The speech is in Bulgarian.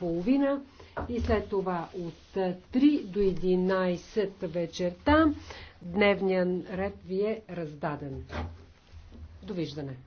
половина и след това от 3 до 11 вечерта. Дневният ред ви е раздаден. Довиждане!